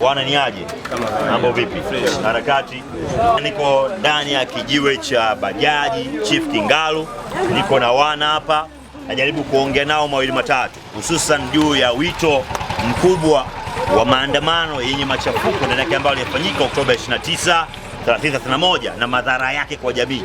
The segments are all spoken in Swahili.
Bwana ni aje? Mambo vipi? Harakati. Niko ndani ya kijiwe cha bajaji Chief Kingalu, niko na wana hapa, najaribu kuongea nao mawili matatu, hususan juu ya wito mkubwa wa maandamano yenye machafuko ndani yake ambayo yalifanyika Oktoba 29, 31 na madhara yake kwa jamii.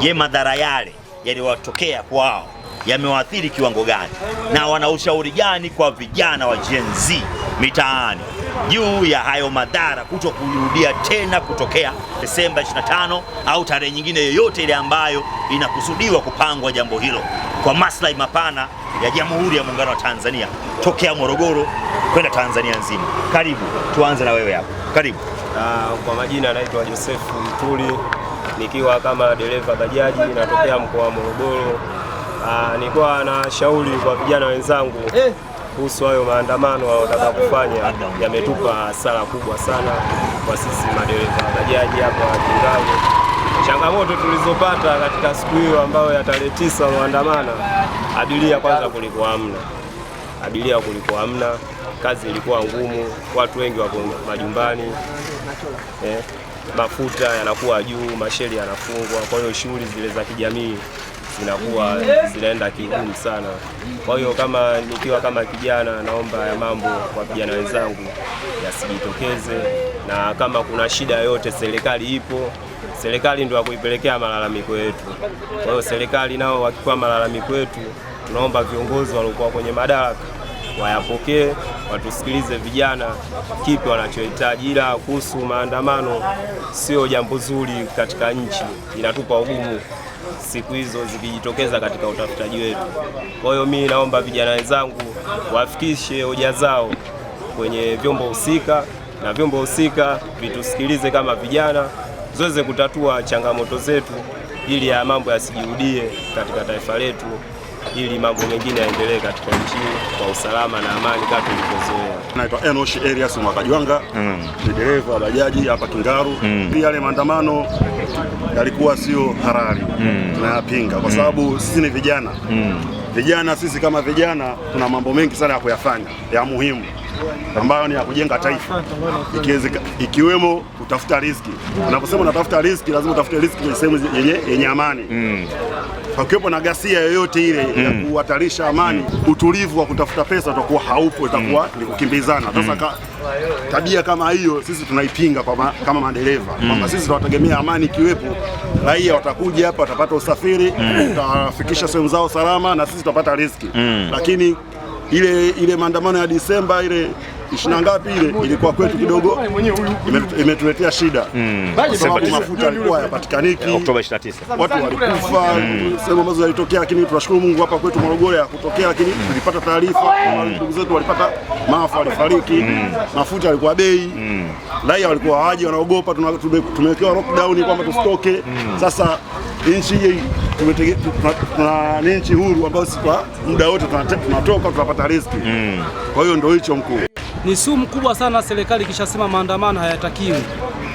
Je, madhara yale yaliyotokea kwao yamewaathiri kiwango gani, na wana ushauri gani kwa vijana wa Gen Z mitaani? juu ya hayo madhara kuto kurudia tena kutokea Desemba 25 au tarehe nyingine yoyote ile ambayo inakusudiwa kupangwa jambo hilo kwa maslahi mapana ya Jamhuri ya Muungano wa Tanzania tokea Morogoro kwenda Tanzania nzima. Karibu, tuanze na wewe hapo. Karibu. Uh, kwa majina anaitwa Josefu Mtuli nikiwa kama dereva bajaji natokea mkoa wa Morogoro. Uh, nilikuwa na shauri kwa vijana wenzangu eh kuhusu hayo maandamano wanataka kufanya, yametupa hasara kubwa sana kwa sisi madereva bajaji hapa Kingalu. Changamoto tulizopata katika siku hiyo ambayo ya tarehe tisa maandamano, abiria kwanza kulikuwa hamna abiria, kulikuwa hamna, kazi ilikuwa ngumu, watu wengi wako majumbani eh, mafuta yanakuwa juu, masheli yanafungwa, kwa hiyo shughuli zile za kijamii zinakuwa zinaenda kiugumu sana. Kwa hiyo kama nikiwa kama kijana, naomba ya mambo kwa vijana wenzangu yasijitokeze, na kama kuna shida yoyote, serikali ipo, serikali ndio kuipelekea malalamiko yetu. Kwa hiyo serikali nao wakikuwa malalamiko yetu, tunaomba viongozi waliokuwa kwenye madaraka wayapokee watusikilize vijana kipi wanachohitaji. Ila kuhusu maandamano, sio jambo zuri katika nchi, inatupa ugumu siku hizo zikijitokeza katika utafutaji wetu. Kwa hiyo mimi naomba vijana wenzangu wafikishe hoja zao kwenye vyombo husika na vyombo husika vitusikilize kama vijana, ziweze kutatua changamoto zetu ili ya mambo yasijirudie katika taifa letu ili mambo mengine yaendelee katika nchi kwa usalama na amani kama tulivyozoea. Naitwa Enoshi Elias Mwakajwanga mm. ni dereva bajaji hapa Kingaru mm. pia yale maandamano yalikuwa sio halali mm. tunayapinga kwa mm. sababu mm. sisi ni vijana mm. vijana, sisi kama vijana tuna mambo mengi sana ya kuyafanya ya muhimu ambayo ni ya kujenga taifa, ikiwemo kutafuta riziki. Unaposema unatafuta riziki, lazima utafute riziki kwenye sehemu yenye amani mm. Pakiwepo na ghasia yoyote ile mm. ya kuhatarisha amani mm. utulivu wa kutafuta pesa utakuwa haupo, itakuwa mm. ni kukimbizana. Sasa mm. tabia kama hiyo sisi tunaipinga kama, kama madereva mm. kwamba sisi tunategemea amani ikiwepo, raia watakuja hapa, watapata usafiri mm. utawafikisha sehemu zao salama, na sisi tutapata riziki mm. lakini ile ile maandamano ya Disemba ile ishirini na ngapi ile ilikuwa kwetu kidogo imetuletea shida mm. kwa sababu mafuta yalikuwa yapatikaniki eh, Oktoba 29 watu walikufa mm. sehemu ambazo yalitokea, lakini tunashukuru Mungu hapa kwetu Morogoro yakutokea lakini hmm. tulipata taarifa hmm. ndugu zetu walipata maafa, walifariki mm. mafuta yalikuwa bei mm. raia walikuwa waji wanaogopa, tumewekewa lockdown kwamba tusitoke mm. sasa nchi tuna nchi huru ambayo si kwa muda wote tunatoka tunapata riziki mm. Kwa hiyo ndio hicho mkuu ni sumu kubwa sana. Serikali ikishasema maandamano hayatakiwi,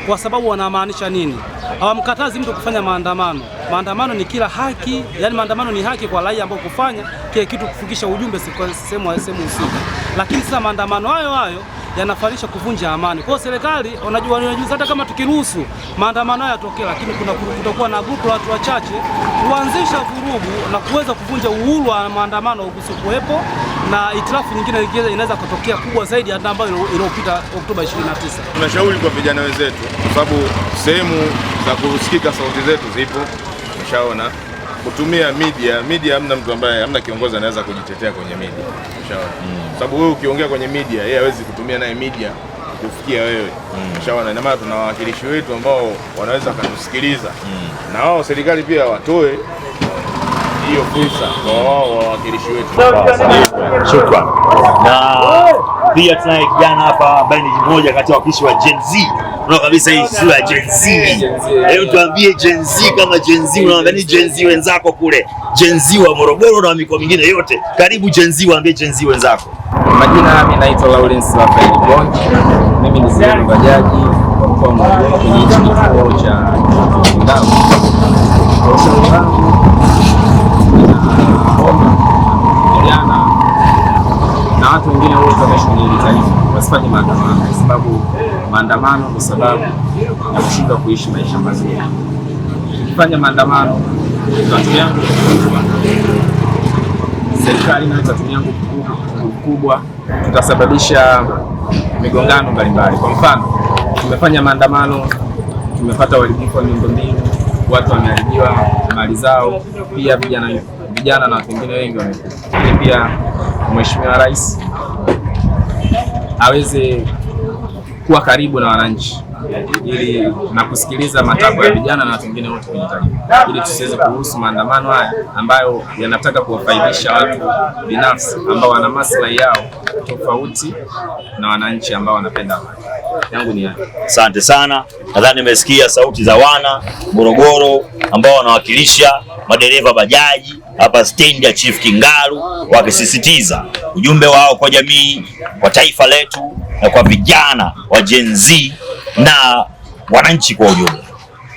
kwa sababu wanamaanisha nini? Hawamkatazi mtu kufanya maandamano. Maandamano ni kila haki, yani maandamano ni haki kwa raia ambao kufanya kile kitu, kufikisha ujumbe sehemu sehemu husika, lakini sasa maandamano hayo hayo yanafanisha kuvunja amani. Kwa hiyo serikali wanajua, hata kama tukiruhusu maandamano haya yatokee, lakini kuna kutakuwa na grupu la watu wachache kuanzisha vurugu na kuweza kuvunja uhuru wa maandamano usikuwepo, na itilafu nyingine inaweza kutokea kubwa zaidi hata ambayo iliyopita Oktoba 29. Tunashauri kwa vijana wenzetu, kwa sababu sehemu za kusikika sauti zetu zipo, umeshaona kutumia media, media hamna mtu ambaye hamna kiongozi anaweza kujitetea kwenye media. Ushaona? Mm. Sababu wewe ukiongea kwenye media, yeye hawezi kutumia naye media kufikia wewe. Mm. maana tuna wawakilishi wetu ambao wanaweza wakatusikiliza. Mm. Na wao serikali pia watoe hiyo fursa kwa wao wawakilishi wetu. Shukrani. Na pia tunaye kijana hapa ambaye ni mmoja kati ya wakishi wa Gen Z. Unaona kabisa hii sura ya Gen Z. Hebu tuambie Gen Z kama Gen Z unaangalia Gen Z wenzako kule. Gen Z wa Morogoro na mikoa mingine yote. Karibu Gen Z waambie Gen Z wenzako. Majina mimi naitwa Lawrence Rafael Bongi. Mimi ni sehemu bajaji kwa mkoa wa Morogoro kwenye kituo cha Ndao. wengine wote wameshahili taifa wasifanye maandamano kwa sababu maandamano kwa sababu ya kushindwa kuishi maisha mazuri. Ukifanya maandamano tatu yangu serikali nayo tatu yangu kubwa, tutasababisha migongano mbalimbali. Kwa mfano, tumefanya maandamano, tumepata uharibifu wa miundombinu, watu wameharibiwa mali zao, pia vijana vijana na watu wengine wengi wamekufa. Lakini pia Mheshimiwa Rais aweze kuwa karibu na wananchi ili na kusikiliza matakwa ya vijana na watu wengine wote kwenye taifa, ili tusiweze kuruhusu maandamano haya ambayo yanataka kuwafaidisha watu binafsi ambao wana maslahi yao tofauti na wananchi ambao wanapenda amani. Yangu ni hayo. Asante sana. Nadhani nimesikia sauti za wana Morogoro ambao wanawakilisha madereva bajaji hapa stendi ya Chief Kingalu, wakisisitiza ujumbe wao kwa jamii, kwa taifa letu na kwa vijana wa Gen Z na wananchi kwa ujumla,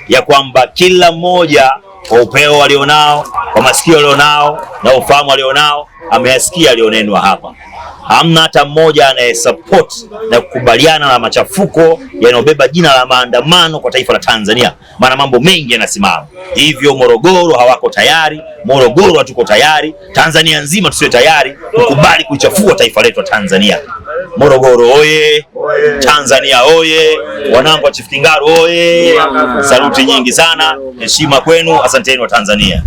ya kwamba kila mmoja kwa upeo walionao, kwa masikio walionao na ufahamu walionao, ameyasikia alionenwa hapa hamna hata mmoja anayesupport na kukubaliana na machafuko yanayobeba jina la maandamano kwa taifa la Tanzania, maana mambo mengi yanasimama hivyo. Morogoro hawako tayari, Morogoro hatuko tayari, Tanzania nzima tusiwe tayari kukubali kuichafua taifa letu la Tanzania. Morogoro oye! Tanzania oye! Wanangu wa Chifu Kingaru oye! Saluti nyingi sana, heshima kwenu, asanteni wa Tanzania.